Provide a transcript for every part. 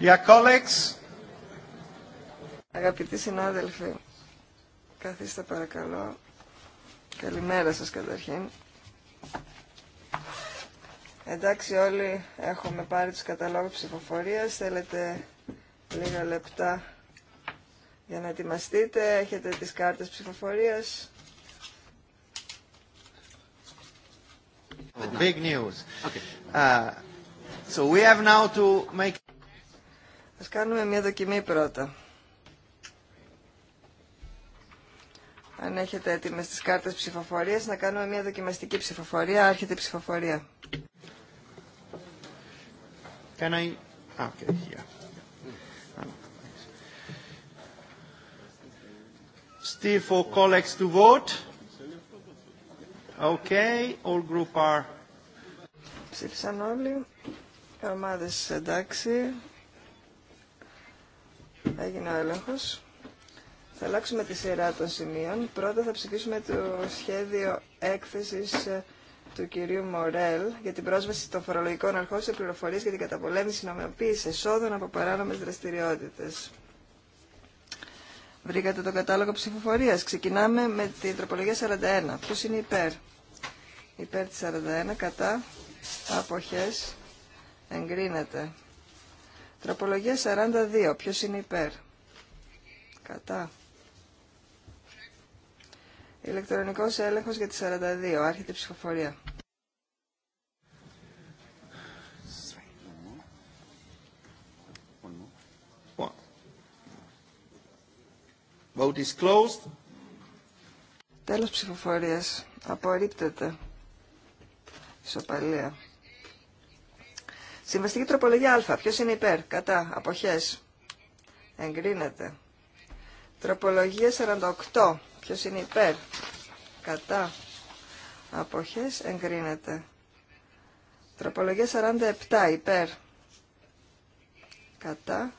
Dear colleagues. Αγαπητοί συνάδελφοι, καθίστε παρακαλώ. Καλημέρα σας καταρχήν. Εντάξει όλοι έχουμε πάρει τους καταλόγους ψηφοφορίας. Θέλετε λίγα λεπτά για να ετοιμαστείτε. Έχετε τις κάρτες ψηφοφορίας. Big news. Okay. Uh, so we have now to make Ας κάνουμε μια δοκιμή πρώτα. Αν έχετε έτοιμες τις κάρτες ψηφοφορίας, να κάνουμε μια δοκιμαστική ψηφοφορία. Άρχεται η ψηφοφορία. Can I... Okay, colleagues to vote. Okay, all group are... Ψήφισαν όλοι. Οι ομάδες εντάξει. Έγινε ο έλεγχο. Θα αλλάξουμε τη σειρά των σημείων. Πρώτα θα ψηφίσουμε το σχέδιο έκθεσης ε, του κυρίου Μορέλ για την πρόσβαση των φορολογικών αρχών σε πληροφορίες για την καταπολέμηση νομιμοποίηση εσόδων από παράνομες δραστηριότητες. Βρήκατε τον κατάλογο ψηφοφορίας. Ξεκινάμε με την τροπολογία 41. Ποιος είναι υπέρ. Υπέρ τη 41 κατά αποχές εγκρίνεται. Τροπολογία 42. Ποιος είναι υπέρ. Κατά. Ηλεκτρονικός έλεγχος για τη 42. Άρχεται η ψηφοφορία. Vote is closed. Τέλος ψηφοφορίας. Απορρίπτεται. Ισοπαλία. Συμβαστική τροπολογία α. Ποιο είναι υπέρ, κατά, αποχές. Εγκρίνεται. Τροπολογία 48. Ποιο είναι υπέρ, κατά, αποχές. Εγκρίνεται. Τροπολογία 47. Υπέρ, κατά.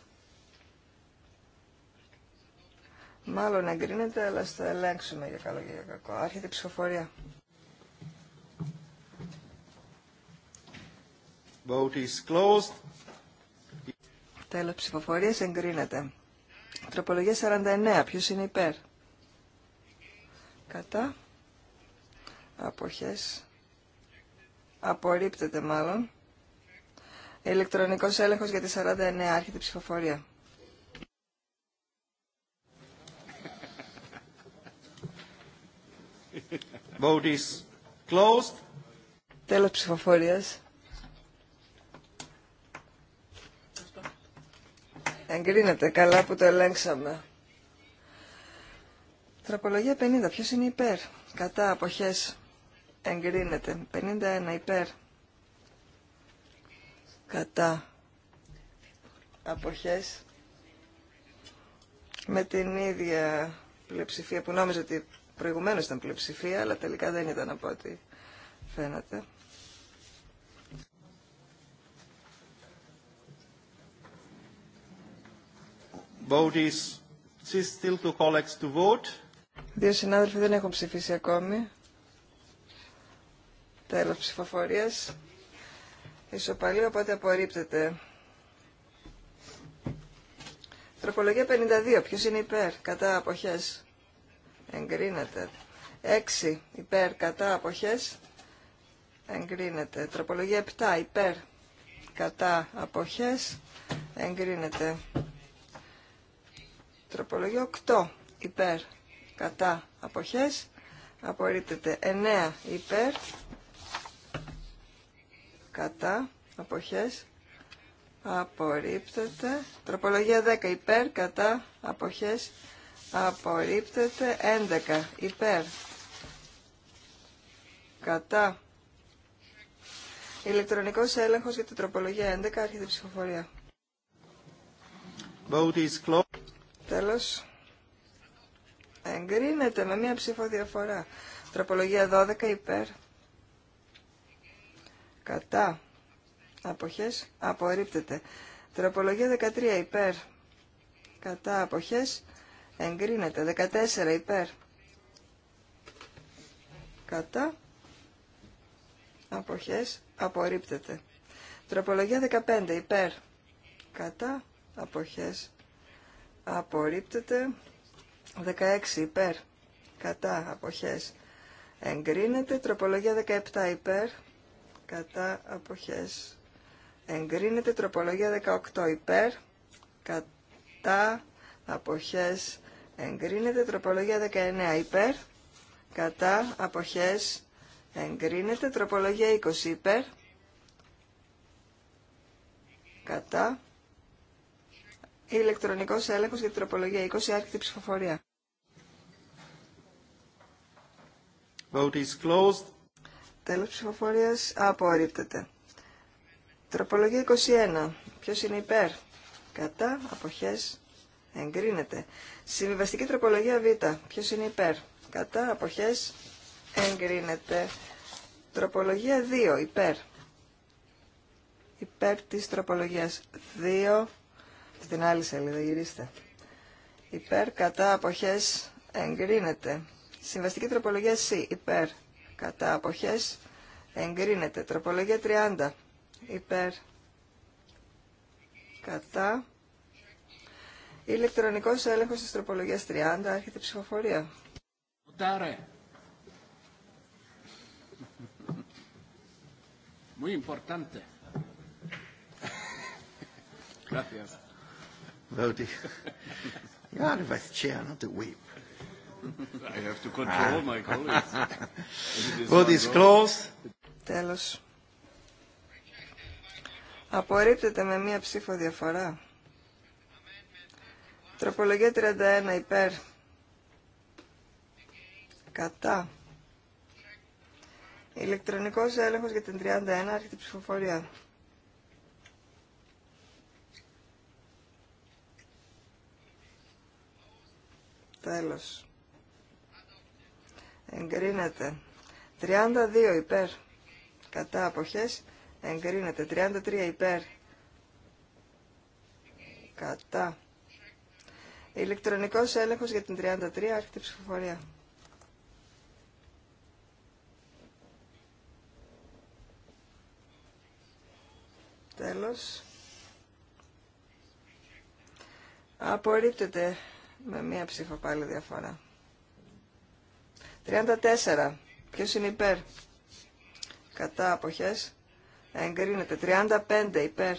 Μάλλον εγκρίνεται, αλλά στο ελέγξουμε για καλό και για κακό. Άρχεται η ψηφοφορία. Vote is closed. Τέλος ψηφοφορίας εγκρίνεται. Τροπολογία 49. Ποιος είναι υπέρ. Κατά. Αποχές. Απορρίπτεται μάλλον. Ηλεκτρονικός έλεγχος για τη 49. Άρχεται ψηφοφορία. Vote is closed. Τέλος ψηφοφορίας. Εγκρίνεται. Καλά που το ελέγξαμε. Τροπολογία 50. Ποιος είναι υπέρ. Κατά αποχές. Εγκρίνεται. 51. Υπέρ. Κατά αποχές. Με την ίδια πλειοψηφία που νόμιζα ότι προηγουμένως ήταν πλειοψηφία, αλλά τελικά δεν ήταν από ό,τι φαίνεται. Δύο συνάδελφοι δεν έχουν ψηφίσει ακόμη. Τέλος ψηφοφορίας. Ισοπαλή, οπότε απορρίπτεται. Τροπολογία 52. Ποιος είναι υπέρ, κατά αποχές. Εγκρίνεται. 6. Υπέρ, κατά αποχές. Εγκρίνεται. Τροπολογία 7. Υπέρ, κατά αποχές. Εγκρίνεται. Τροπολογία 8 υπέρ κατά αποχές απορρίπτεται 9 υπέρ κατά αποχές απορρίπτεται τροπολογία 10 υπέρ κατά αποχές απορρίπτεται 11 υπέρ κατά ηλεκτρονικός έλεγχος για την τροπολογία 11 άρχεται is ψηφοφορία Τέλος. Εγκρίνεται με μία ψήφο διαφορά. Τροπολογία 12 υπέρ. Κατά. Αποχές. Απορρίπτεται. Τροπολογία 13 υπέρ. Κατά. Αποχές. Εγκρίνεται. 14 υπέρ. Κατά. Αποχές. Απορρίπτεται. Τροπολογία 15 υπέρ. Κατά. Αποχές απορρίπτεται 16 υπέρ κατά αποχές εγκρίνεται τροπολογία 17 υπέρ κατά αποχές εγκρίνεται τροπολογία 18 υπέρ κατά αποχές εγκρίνεται τροπολογία 19 υπέρ κατά αποχές εγκρίνεται τροπολογία 20 υπέρ κατά ηλεκτρονικός έλεγχος για την τροπολογία 20, άρχιτη ψηφοφορία. Τέλο ψηφοφορία closed. απορρίπτεται. Τροπολογία 21. Ποιος είναι υπέρ. Κατά. Αποχές. Εγκρίνεται. Συμβιβαστική τροπολογία Β. Ποιος είναι υπέρ. Κατά. Αποχές. Εγκρίνεται. Τροπολογία 2. Υπέρ. Υπέρ της τροπολογίας 2. Στην άλλη σελίδα, γυρίστε. Υπέρ, κατά, αποχές, εγκρίνεται. Συμβαστική τροπολογία C. Υπέρ, κατά, αποχές, εγκρίνεται. Τροπολογία 30. Υπέρ, κατά. Ηλεκτρονικός έλεγχος της τροπολογίας 30. Άρχεται η ψηφοφορία. Muy importante. Gracias voting. You not I have to control ah. my colleagues. is closed. Τέλος. Απορρίπτεται με μία ψήφο διαφορά. Τροπολογία 31 υπέρ. Κατά. Ηλεκτρονικός έλεγχος για την 31 άρχεται ψηφοφορία. Τέλος. Εγκρίνεται. 32 υπέρ. Κατά αποχές. Εγκρίνεται. 33 υπέρ. Κατά. Ηλεκτρονικός έλεγχος για την 33 άρχεται ψηφοφορία. Τέλος. Απορρίπτεται με μία ψήφο πάλι διαφορά. 34. Ποιος είναι υπέρ. Κατά αποχές. Εγκρίνεται. 35 υπέρ.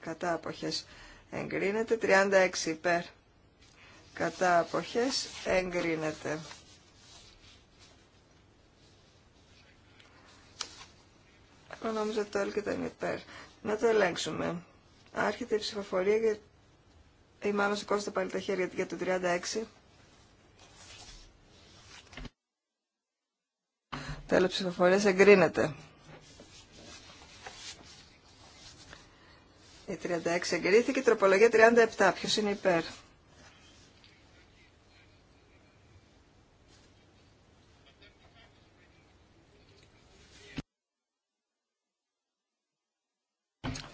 Κατά αποχές. Εγκρίνεται. 36 υπέρ. Κατά αποχές. Εγκρίνεται. Εγώ νόμιζα το έλκυ υπέρ. Να το ελέγξουμε. Άρχεται η ψηφοφορία για ή μάλλον σηκώστε πάλι τα χέρια για το 36. Τέλος ψηφοφορίας εγκρίνεται. Η 36 εγκρίθηκε, τροπολογία 37. Ποιος είναι υπέρ.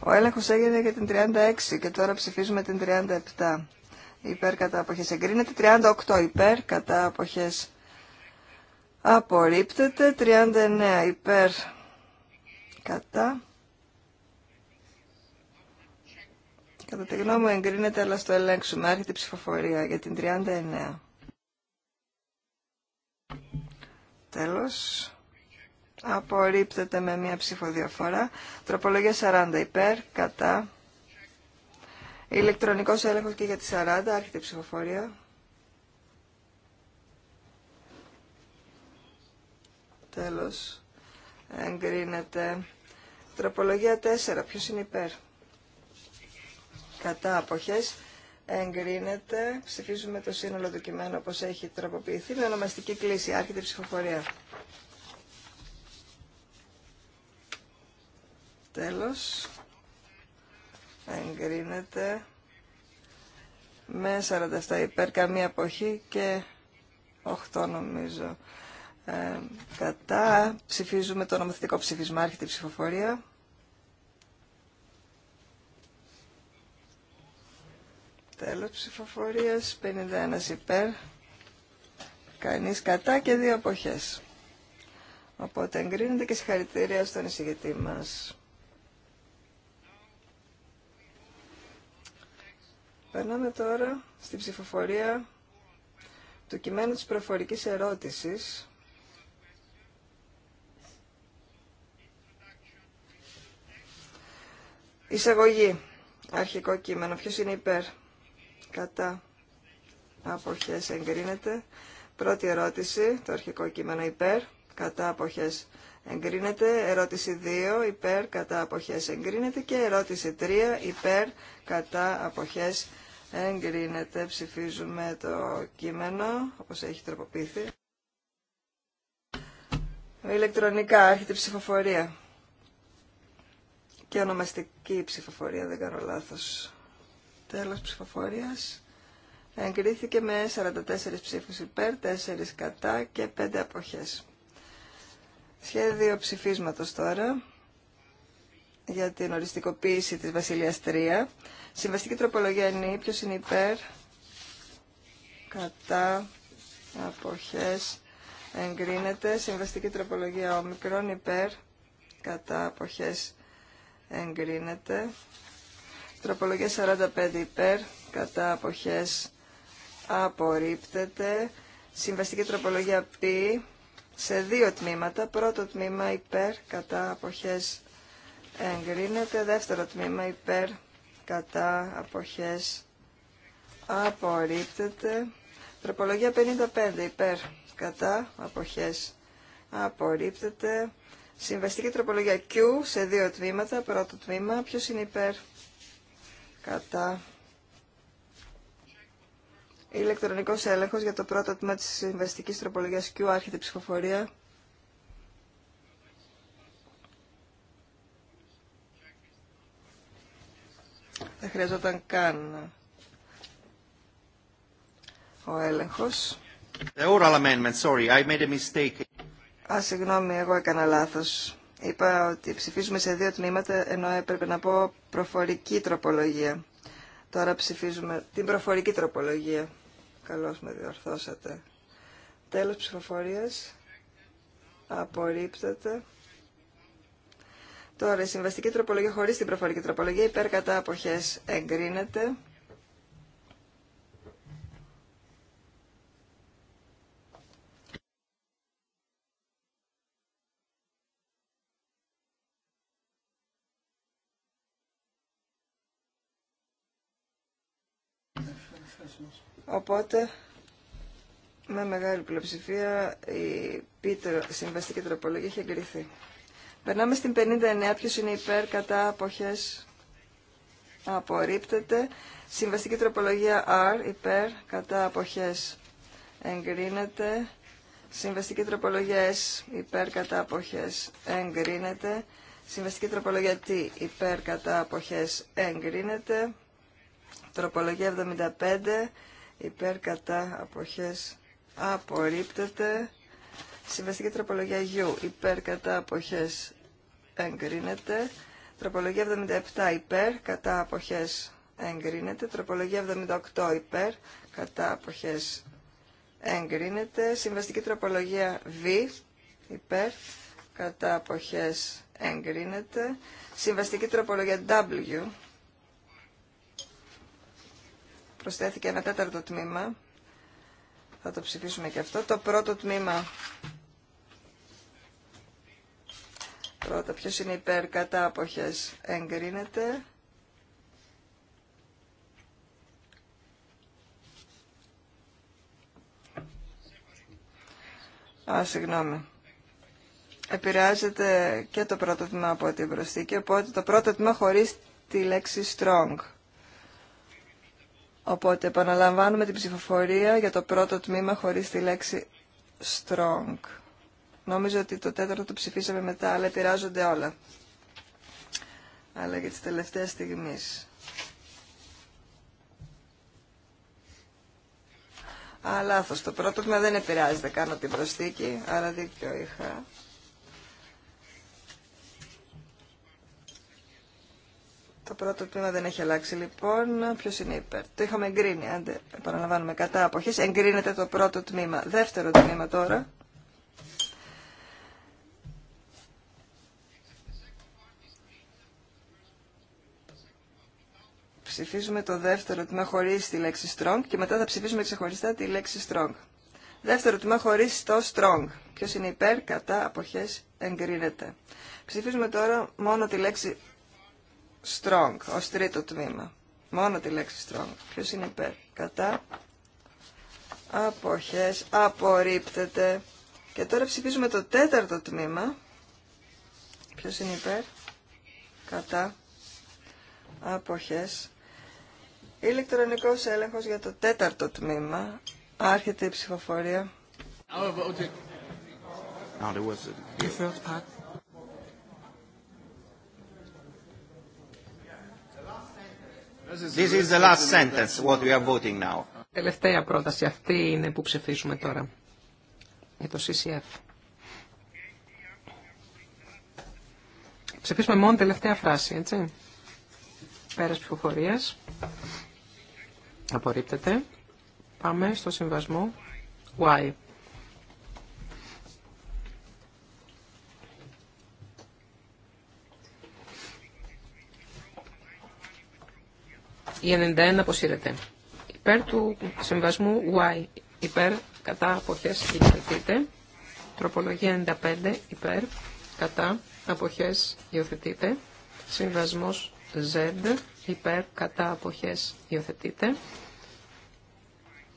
Ο έλεγχο έγινε για την 36 και τώρα ψηφίζουμε την 37. Υπέρ κατά αποχές εγκρίνεται. 38 υπέρ κατά αποχές απορρίπτεται. 39 υπέρ κατά. Κατά τη γνώμη μου εγκρίνεται, αλλά στο ελέγξουμε. Άρχεται η ψηφοφορία για την 39. Τέλος απορρίπτεται με μία ψηφοδιαφορά. Τροπολογία 40 υπέρ, κατά. Ηλεκτρονικός έλεγχος και για τη 40, άρχεται η ψηφοφορία. Τέλος, εγκρίνεται. Τροπολογία 4, ποιος είναι υπέρ. Κατά αποχές, εγκρίνεται. Ψηφίζουμε το σύνολο του κειμένου όπως έχει τροποποιηθεί με ονομαστική κλίση, άρχεται η ψηφοφορία. Τέλος, εγκρίνεται με 47 υπέρ, καμία αποχή και 8 νομίζω. Ε, κατά, ψηφίζουμε το νομοθετικό ψηφισμά, ψηφοφορία. η ψηφοφορία. Τέλος ψηφοφορίας, 51 υπέρ, κανείς κατά και δύο αποχές. Οπότε εγκρίνεται και συγχαρητήρια στον εισηγητή μας. Περνάμε τώρα στην ψηφοφορία του κειμένου της προφορικής ερώτησης Εισαγωγή. Αρχικό κείμενο. Ποιος είναι υπέρ. Κατά. Αποχές εγκρίνεται. Πρώτη ερώτηση. Το αρχικό κείμενο υπέρ. Κατά αποχές εγκρίνεται. Ερώτηση 2. Υπέρ. Κατά αποχές εγκρίνεται. Και ερώτηση 3. Υπέρ. Κατά αποχές εγκρίνεται Εγκρίνεται. Ψηφίζουμε το κείμενο, όπως έχει τροποποιηθεί. Ηλεκτρονικά, έρχεται ψηφοφορία. Και ονομαστική ψηφοφορία, δεν κάνω λάθος. Τέλος ψηφοφορίας. Εγκρίθηκε με 44 ψήφους υπέρ, 4 κατά και 5 αποχές. Σχέδιο ψηφίσματος τώρα για την οριστικοποίηση της Βασιλείας Συμβαστική τροπολογία είναι ποιο είναι υπέρ, κατά, αποχές, εγκρίνεται. Συμβαστική τροπολογία όμικρον υπέρ, κατά, αποχές, εγκρίνεται. Τροπολογία 45 υπέρ, κατά, αποχές, απορρίπτεται. Συμβαστική τροπολογία π, σε δύο τμήματα. Πρώτο τμήμα υπέρ, κατά, αποχές, εγκρίνεται. Δεύτερο τμήμα υπέρ, κατά αποχές απορρίπτεται. Τροπολογία 55 υπέρ κατά αποχές απορρίπτεται. Συμβαστική τροπολογία Q σε δύο τμήματα. Πρώτο τμήμα, ποιος είναι υπέρ κατά ηλεκτρονικός έλεγχος για το πρώτο τμήμα της συμβαστικής τροπολογίας Q, άρχεται ψηφοφορία. Δεν χρειαζόταν καν ο έλεγχος. The oral amendment, sorry, I made a mistake. Α, συγγνώμη, εγώ έκανα λάθος. Είπα ότι ψηφίζουμε σε δύο τμήματα, ενώ έπρεπε να πω προφορική τροπολογία. Τώρα ψηφίζουμε την προφορική τροπολογία. Καλώς με διορθώσατε. Τέλος ψηφοφορίας. Απορρίπτεται. Τώρα, η συμβαστική τροπολογία χωρίς την προφορική τροπολογία υπέρ κατά αποχές εγκρίνεται. Οπότε, με μεγάλη πλειοψηφία, η Πίτρο συμβαστική τροπολογία έχει εγκριθεί. Περνάμε στην 59. Ποιο είναι υπέρ, κατά, αποχές, απορρίπτεται. Συμβαστική τροπολογία R, υπέρ, κατά, αποχές, εγκρίνεται. Συμβαστική τροπολογία S, υπέρ, κατά, αποχές, εγκρίνεται. Συμβαστική τροπολογία T, υπέρ, κατά, αποχές, εγκρίνεται. Τροπολογία 75, υπέρ, κατά, αποχές, απορρίπτεται. Συμβαστική τροπολογία U, υπέρ, κατά, αποχές, εγκρίνεται. Τροπολογία 77 υπέρ, κατά αποχές εγκρίνεται. Τροπολογία 78 υπέρ, κατά αποχές εγκρίνεται. Συμβαστική τροπολογία Β υπέρ, κατά αποχές εγκρίνεται. Συμβαστική τροπολογία W προσθέθηκε ένα τέταρτο τμήμα. Θα το ψηφίσουμε και αυτό. Το πρώτο τμήμα Πρώτα, ποιος είναι υπέρ κατά αποχές εγκρίνεται. Α, συγγνώμη. Επηρεάζεται και το πρώτο τμήμα από την προσθήκη, οπότε το πρώτο τμήμα χωρίς τη λέξη strong. Οπότε επαναλαμβάνουμε την ψηφοφορία για το πρώτο τμήμα χωρίς τη λέξη strong. Νομίζω ότι το τέταρτο το ψηφίσαμε μετά, αλλά επηρεάζονται όλα. Αλλά για τις τελευταίες στιγμής. Α, λάθος. Το πρώτο τμήμα δεν επηρεάζεται. Κάνω την προσθήκη, άρα δίκιο είχα. Το πρώτο τμήμα δεν έχει αλλάξει λοιπόν. Ποιο είναι υπέρ. Το είχαμε εγκρίνει. Άντε, επαναλαμβάνουμε κατά αποχής. Εγκρίνεται το πρώτο τμήμα. Δεύτερο τμήμα τώρα. Ψηφίζουμε το δεύτερο τμήμα χωρί τη λέξη strong και μετά θα ψηφίσουμε ξεχωριστά τη λέξη strong. Δεύτερο τμήμα χωρί το strong. Ποιο είναι υπέρ, κατά, αποχέ, εγκρίνεται. Ψηφίζουμε τώρα μόνο τη λέξη strong ω τρίτο τμήμα. Μόνο τη λέξη strong. Ποιο είναι υπέρ, κατά, αποχέ, απορρίπτεται. Και τώρα ψηφίζουμε το τέταρτο τμήμα. Ποιο είναι υπέρ, κατά, αποχές Ηλεκτρονικός έλεγχος για το τέταρτο τμήμα. Άρχεται η ψηφοφορία. This is the last sentence what we are voting now. Τελευταία πρόταση αυτή είναι που ψηφίζουμε τώρα για το CCF. Ψηφίσουμε μόνο τελευταία φράση, έτσι. Πέρας ψηφοφορίας. Απορρίπτεται. Πάμε στο συμβασμό Y. Η 91 αποσύρεται. Υπέρ του συμβασμού Y. Υπέρ κατά αποχές υιοθετείται. Τροπολογία 95. Υπέρ κατά αποχές υιοθετείται. Συμβασμός Z υπέρ κατά αποχές υιοθετείται.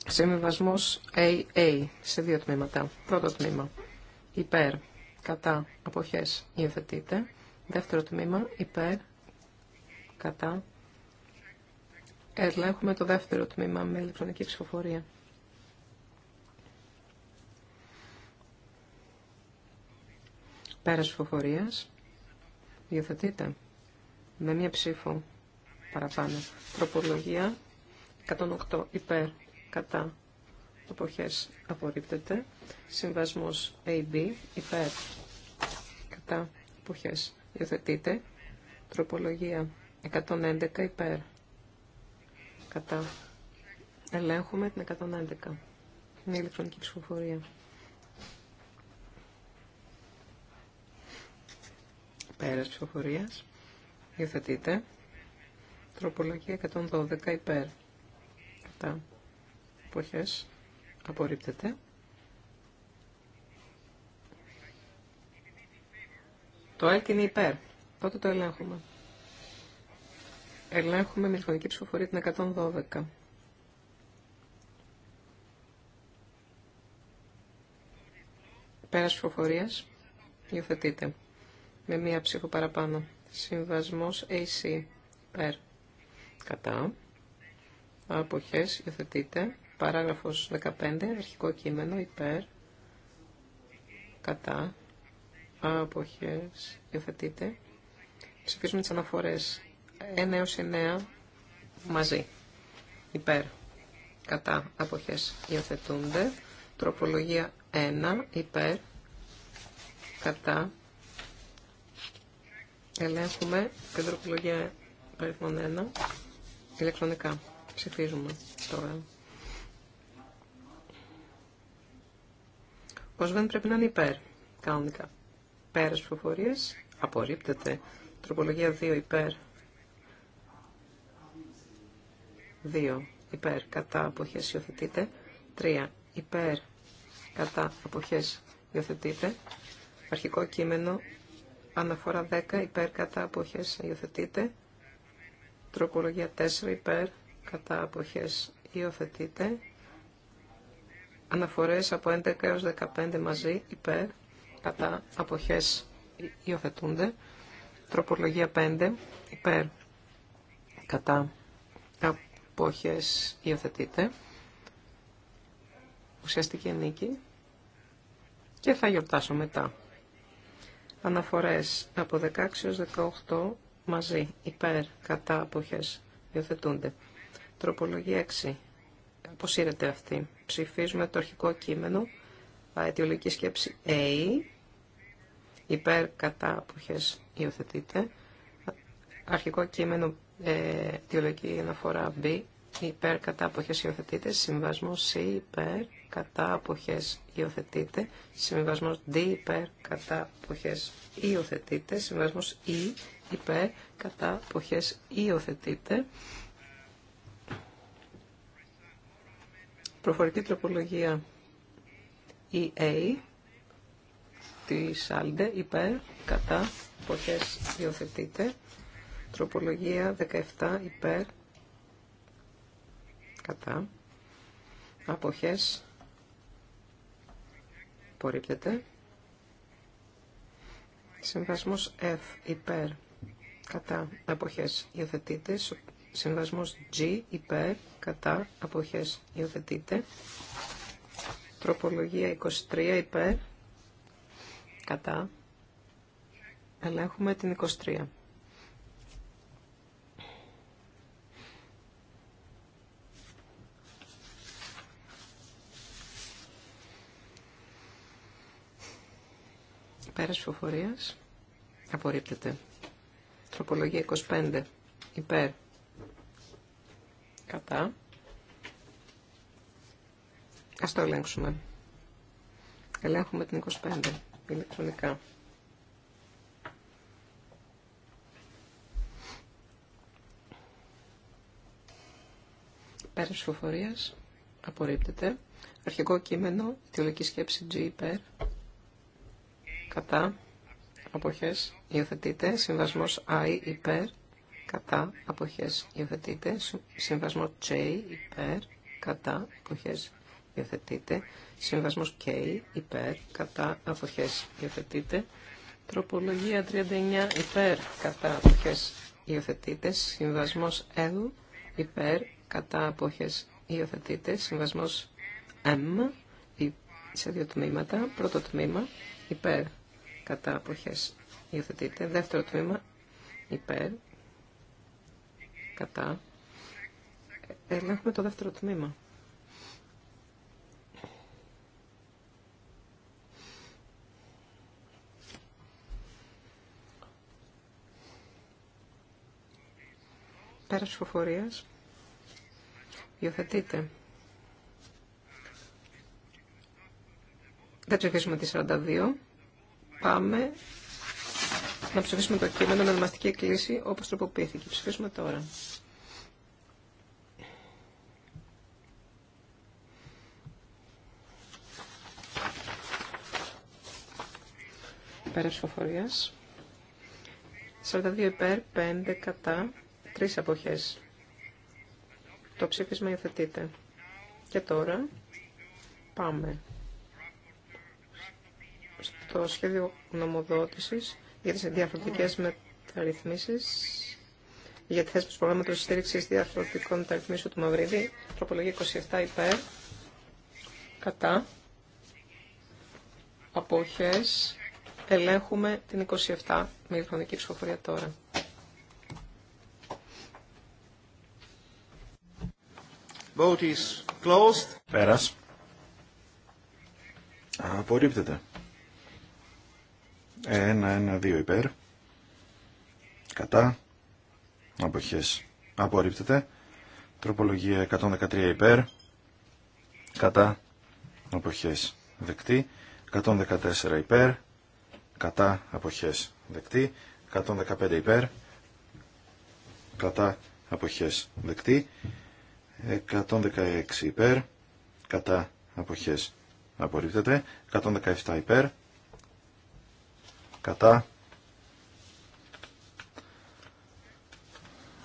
Συμβιβασμός AA σε δύο τμήματα. Πρώτο τμήμα υπέρ κατά αποχές υιοθετείται. Δεύτερο τμήμα υπέρ κατά έχουμε το δεύτερο τμήμα με ηλεκτρονική ψηφοφορία. Πέρας ψηφοφορίας. Υιοθετείται με μία ψήφο παραπάνω. Τροπολογία 108 υπέρ κατά εποχές απορρίπτεται. Συμβασμός AB υπέρ κατά εποχές υιοθετείται. Τροπολογία 111 υπέρ κατά ελέγχουμε την 111. Μια ηλεκτρονική ψηφοφορία. Πέρας ψηφοφορίας. Υιοθετείτε. Τροπολογία 112 υπέρ. Κατά. Εποχές. Απορρίπτεται. Το ΕΛΚ είναι υπέρ. Τότε το ελέγχουμε. Ελέγχουμε με ηλεκτρονική ψηφοφορία την 112. Πέρας ψηφοφορίας. Υιοθετείτε. Με μία ψήφο παραπάνω. Συμβασμός AC. υπέρ Κατά. Αποχές. Υιοθετείτε. Παράγραφος 15. Αρχικό κείμενο. Υπέρ. Κατά. Αποχές. Υιοθετείτε. Ψηφίζουμε τις αναφορές. 1 έως 9 μαζί. Υπέρ. Κατά. Αποχές. Υιοθετούνται. Τροπολογία 1. Υπέρ. Κατά Ελέγχουμε την τροπολογία 1 ηλεκτρονικά. Ψηφίζουμε τώρα. Ο Σβέν πρέπει να είναι υπέρ, κανονικά. Πέρας ψηφοφορίες, απορρίπτεται. Τροπολογία 2 υπέρ. 2 υπέρ, κατά αποχές υιοθετείται. 3 υπέρ, κατά αποχές υιοθετείται. Αρχικό κείμενο Αναφορά 10 υπέρ κατά αποχές υιοθετείται. Τροπολογία 4 υπέρ κατά αποχές υιοθετείται. Αναφορές από 11 έως 15 μαζί υπέρ κατά αποχές υιοθετούνται. Τροπολογία 5 υπέρ κατά αποχές υιοθετείται. Ουσιαστική νίκη και θα γιορτάσω μετά. Αναφορές από 16 έως 18 μαζί, υπέρ, κατά, αποχές, υιοθετούνται. Τροπολογία 6. Αποσύρεται αυτή. Ψηφίζουμε το αρχικό κείμενο. Αιτιολογική σκέψη A. Υπέρ, κατά, αποχές, υιοθετείται. Αρχικό κείμενο, ε, αιτιολογική αναφορά B υπέρ κατά αποχές υιοθετείται, συμβασμός C υπέρ κατά αποχές υιοθετείται, συμβασμός D υπέρ κατά αποχές υιοθετείται, συμβασμός E υπέρ κατά αποχές υιοθετείται. Προφορική τροπολογία EA της ΑΛΔΕ υπέρ κατά αποχές υιοθετείται. Τροπολογία 17 υπέρ κατά, αποχές, απορρίπτεται. Συμβασμός F υπέρ, κατά, αποχές, υιοθετείται. Συμβασμός G υπέρ, κατά, αποχές, υιοθετείται. Τροπολογία 23 υπέρ, κατά, ελέγχουμε την 23. Πέρας ψηφοφορίας. Απορρίπτεται. Τροπολογία 25. Υπέρ. Κατά. Ας το ελέγξουμε. Ελέγχουμε την 25. Ηλεκτρονικά. Πέρας ψηφοφορίας. Απορρίπτεται. Αρχικό κείμενο. Αιτιολογική σκέψη G υπέρ κατά, αποχές, υιοθετείται. Συμβασμός I, υπέρ, κατά, αποχές, υιοθετείται. Συμβασμός J, υπέρ, κατά, αποχές, υιοθετείται. Συμβασμός K, υπέρ, κατά, αποχές, υιοθετείται. Τροπολογία 39, υπέρ, κατά, αποχές, υιοθετείται. Συμβασμός L, υπέρ, κατά, αποχές, υιοθετείται. Συμβασμός M, σε δύο τμήματα. Πρώτο τμήμα, υπέρ, κατά αποχές υιοθετείται. Δεύτερο τμήμα υπέρ κατά. Ελέγχουμε το δεύτερο τμήμα. Πέρας φοφορίας υιοθετείται. Δεν ψηφίσουμε τη 42. Πάμε να ψηφίσουμε το κείμενο με ονομαστική κλίση όπως τροποποιήθηκε. Ψηφίσουμε τώρα. Πέρα ψηφοφορίας. 42 υπέρ, 5 κατά, 3 αποχές. Το ψήφισμα υιοθετείται. Και τώρα πάμε το σχέδιο νομοδότησης για τις διαφορετικές μεταρρυθμίσεις για τη θέση του προγράμματο στήριξη διαφορετικών μεταρρυθμίσεων του Μαυρίδη. Τροπολογία 27 υπέρ. Κατά. Αποχέ. Ελέγχουμε την 27 με ηλεκτρονική ψηφοφορία τώρα. Vote closed. Πέρας. Απορρίπτεται. Ένα, Κατά. Αποχές. Απορρίπτεται. Τροπολογία 113 υπέρ. Κατά. Αποχές. Δεκτή. 114 υπέρ. Κατά. Αποχές. Δεκτή. 115 υπέρ. Κατά. Αποχές. Δεκτή. 116 υπέρ. Κατά. Αποχές. Απορρίπτεται. 117 υπέρ κατά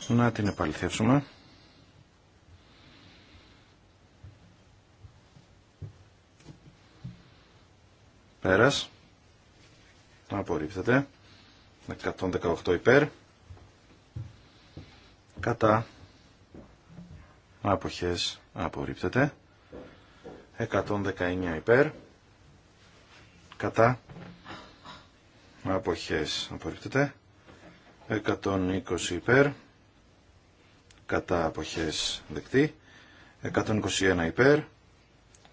να την επαληθεύσουμε πέρας απορρίπτεται 118 υπέρ κατά αποχές απορρίπτεται 119 υπέρ κατά αποχές απορρίπτεται 120 υπέρ κατά αποχές δεκτή 121 υπέρ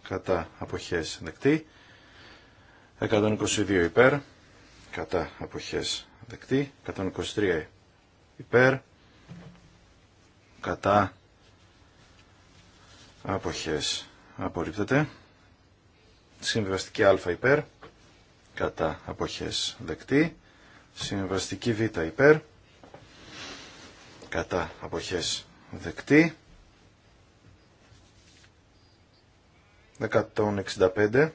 κατά αποχές δεκτή 122 υπέρ κατά αποχές δεκτή 123 υπέρ κατά αποχές απορρίπτεται συμβιβαστική α υπέρ κατά αποχές δεκτή. Συμβαστική Β υπέρ κατά αποχές δεκτή. 165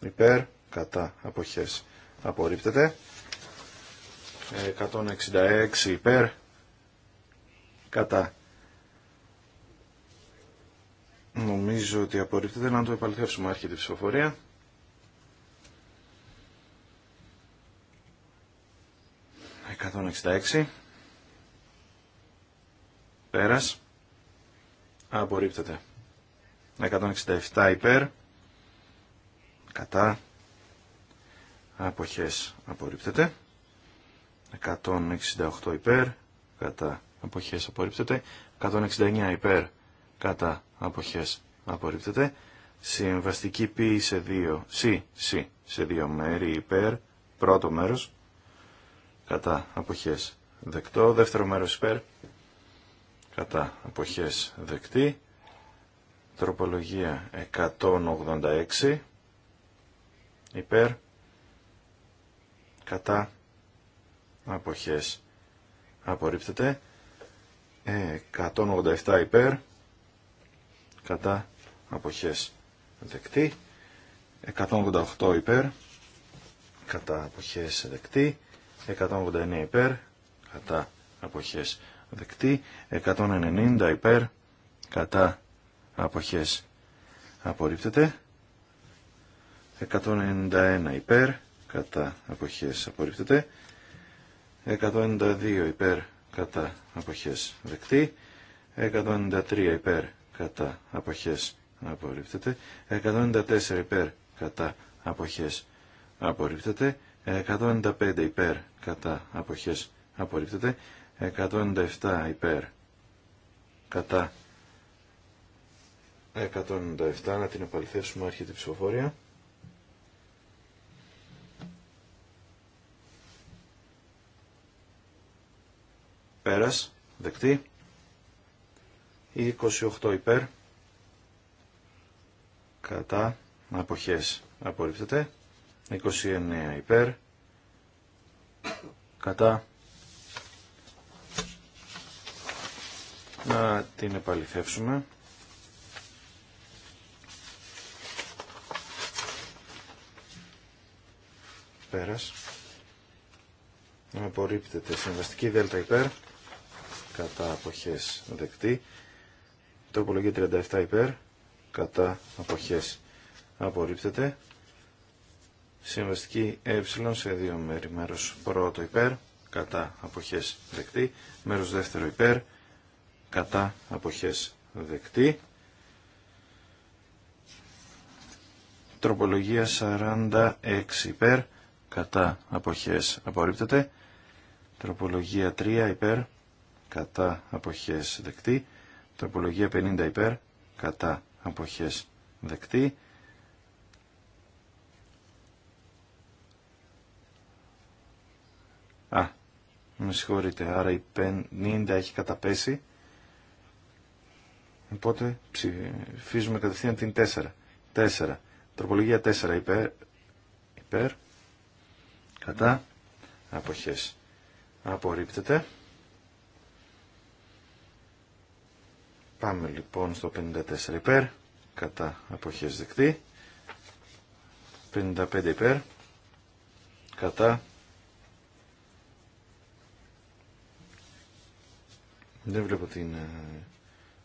υπέρ κατά αποχές απορρίπτεται. 166 υπέρ κατά Νομίζω ότι απορρίπτεται να το επαληθεύσουμε τη ψηφοφορία. 166. Πέρας. Απορρίπτεται. 167 υπέρ. Κατά. Αποχές. Απορρίπτεται. 168 υπέρ. Κατά. Αποχές. Απορρίπτεται. 169 υπέρ. Κατά αποχές απορρίπτεται. Συμβαστική π σε δύο, σι, σι, σε δύο μέρη υπέρ, πρώτο μέρος, κατά αποχές δεκτό, δεύτερο μέρος υπέρ, κατά αποχές δεκτή, τροπολογία 186, υπέρ, κατά αποχές απορρίπτεται, 187 υπέρ, κατά αποχές δεκτή 188 υπέρ κατά αποχές δεκτή 189 υπέρ κατά αποχές δεκτή 190 υπέρ κατά αποχές απορρίπτεται 191 υπέρ κατά αποχές απορρίπτεται 192 υπέρ κατά αποχές δεκτή 193 υπέρ κατά αποχές απορρίπτεται 194 υπέρ κατά αποχές απορρίπτεται 195 υπέρ κατά αποχές απορρίπτεται 197 υπέρ κατά 197 να την επαληθεύσουμε άρχεται η ψηφοφορία πέρας δεκτή 28 υπέρ κατά αποχές απορρίπτεται 29 υπέρ κατά να την επαληθεύσουμε πέρας απορρίπτεται συμβαστική δέλτα υπέρ κατά αποχές δεκτή Τροπολογία 37 υπέρ. Κατά αποχές απορρίπτεται. Συμβαστική ε σε δύο μέρη. Μέρος πρώτο υπέρ. Κατά αποχές δεκτή. Μέρος δεύτερο υπέρ. Κατά αποχές δεκτή. Τροπολογία 46 υπέρ. Κατά αποχές απορρίπτεται. Τροπολογία 3 υπέρ. Κατά αποχές δεκτή. Τροπολογία 50 υπέρ, κατά αποχές δεκτή. Α, με συγχωρείτε, άρα η 50 έχει καταπέσει. Οπότε ψηφίζουμε κατευθείαν την 4. 4. Τροπολογία 4 υπέρ, υπέρ κατά αποχές. Απορρίπτεται. Πάμε λοιπόν στο 54 υπέρ, κατά αποχές δεκτή. 55 υπέρ, κατά Δεν βλέπω την, ε,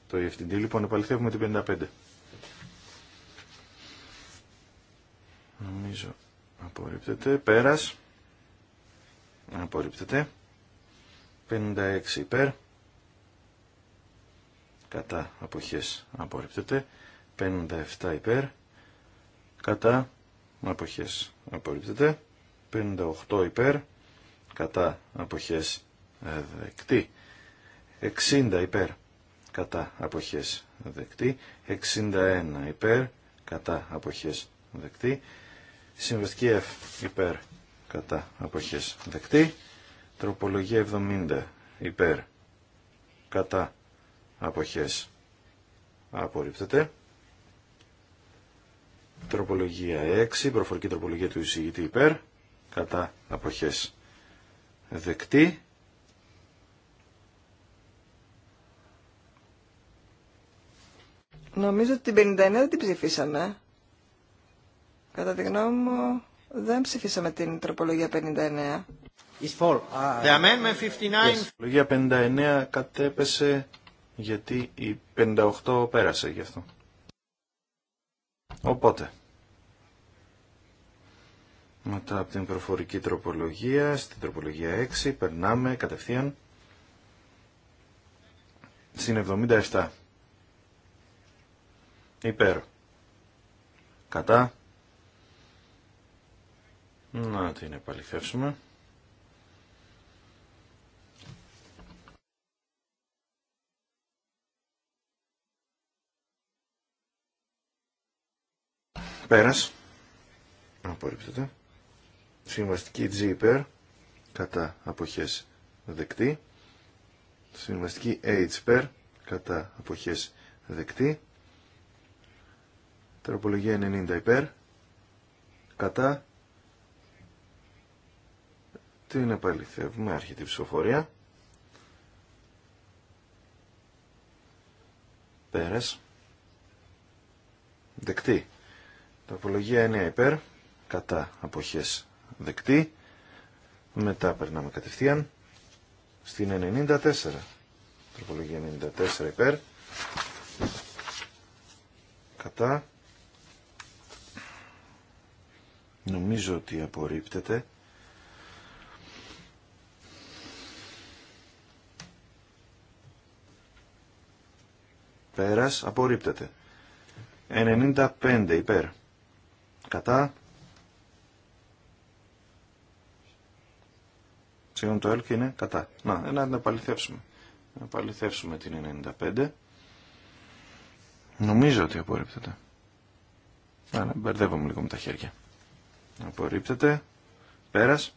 το EFTD, λοιπόν επαληθεύουμε την 55. Νομίζω απορρίπτεται, πέρας, απορρίπτεται, 56 υπέρ, κατά αποχές απορρίπτεται 57 υπέρ κατά αποχές απορρίπτεται 58 υπέρ κατά αποχές δεκτή 60 υπέρ κατά αποχές δεκτή 61 υπέρ κατά αποχές δεκτή συμβαστική F υπέρ κατά αποχές δεκτή τροπολογία 70 υπέρ κατά αποχές απορρίπτεται. Τροπολογία 6, προφορική τροπολογία του εισηγητή υπέρ, κατά αποχές δεκτή. Νομίζω ότι την 59 δεν την ψηφίσαμε. Κατά τη γνώμη μου δεν ψηφίσαμε την τροπολογία 59. Is 59. Τροπολογία 59 κατέπεσε γιατί η 58 πέρασε γι' αυτό. Οπότε, μετά από την προφορική τροπολογία, στην τροπολογία 6, περνάμε κατευθείαν στην 77. Υπέρ. Κατά. Να την επαληθεύσουμε. Πέρας. Απορρίπτεται. Συμβαστική G υπέρ. Κατά αποχές δεκτή. Συμβαστική H υπέρ. Κατά αποχές δεκτή. Τροπολογία 90 υπέρ. Κατά. Την επαληθεύουμε. αρχή η ψηφοφορία. Πέρας. Δεκτή. Τροπολογία 9 υπέρ, κατά αποχές δεκτή. Μετά περνάμε κατευθείαν στην 94. Τροπολογία 94 υπέρ. Κατά. Νομίζω ότι απορρίπτεται. Πέρας απορρίπτεται. 95 υπέρ. Κατά. Συγγνώμη, το ΕΛΚ είναι κατά. Να, ε, να την επαληθεύσουμε. Να επαληθεύσουμε την 95. Νομίζω ότι απορρίπτεται. Άρα, μπερδεύομαι λίγο με τα χέρια. Απορρίπτεται. Πέρας.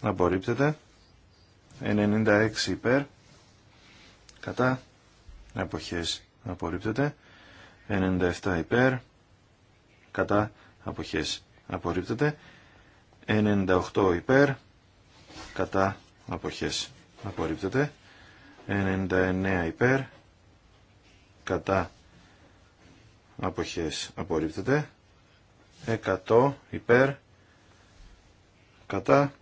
Απορρίπτεται. 96 υπέρ. Κατά. Αποχές. Απορρίπτεται. 97 υπέρ. Κατά αποχές απορρίπτεται 98 υπέρ κατά αποχές απορρίπτεται 99 υπέρ κατά αποχές απορρίπτεται 100 υπέρ κατά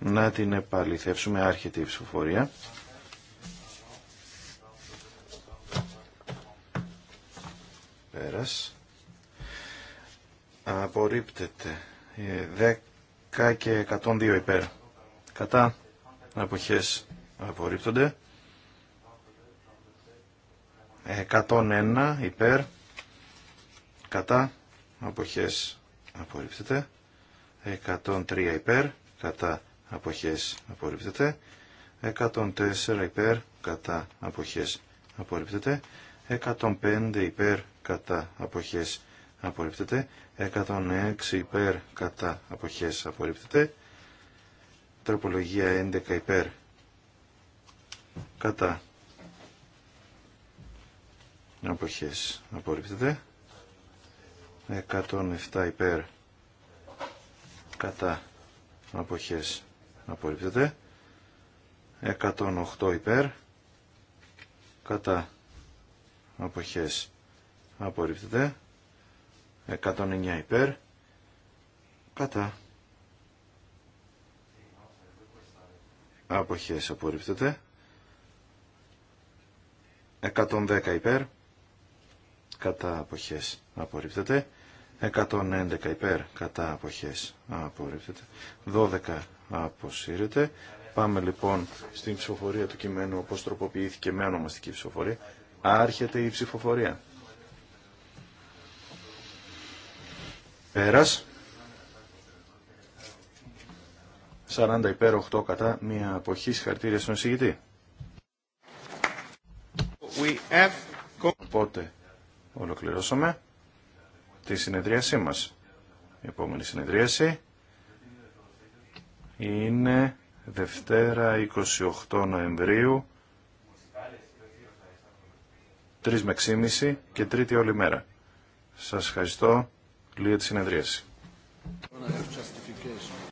να την επαληθεύσουμε άρχεται η ψηφοφορία πέρας. Απορρίπτεται. 10 ε, και 102 υπέρ. Κατά. Αποχές απορρίπτονται. 101 υπέρ. Κατά. Αποχές απορρίπτεται. 103 υπέρ. Κατά. Αποχές απορρίπτεται. 104 υπέρ. Κατά. Αποχές απορρίπτεται. 105 υπέρ κατά αποχές απορρίπτεται 106 υπέρ κατά αποχές απορρίπτεται τροπολογία 11 υπέρ κατά αποχές απορρίπτεται 107 υπέρ κατά αποχές απορρίπτεται 108 υπέρ κατά αποχές απορρίπτεται 109 υπέρ κατά αποχές απορρίπτεται 110 υπέρ κατά αποχές απορρίπτεται 111 υπέρ κατά αποχές απορρίπτεται 12 αποσύρεται Πάμε λοιπόν στην ψηφοφορία του κειμένου όπως τροποποιήθηκε με ονομαστική ψηφοφορία. Άρχεται η ψηφοφορία. Πέρας. 40 υπέρ 8 κατά μία αποχή συγχαρητήρια στον εισηγητή. Οπότε ολοκληρώσαμε τη συνεδρίασή μας. Η επόμενη συνεδρίαση είναι Δευτέρα 28 Νοεμβρίου 3 με 6.30 και τρίτη όλη μέρα. Σας ευχαριστώ. Λύεται τη συνεδρίαση.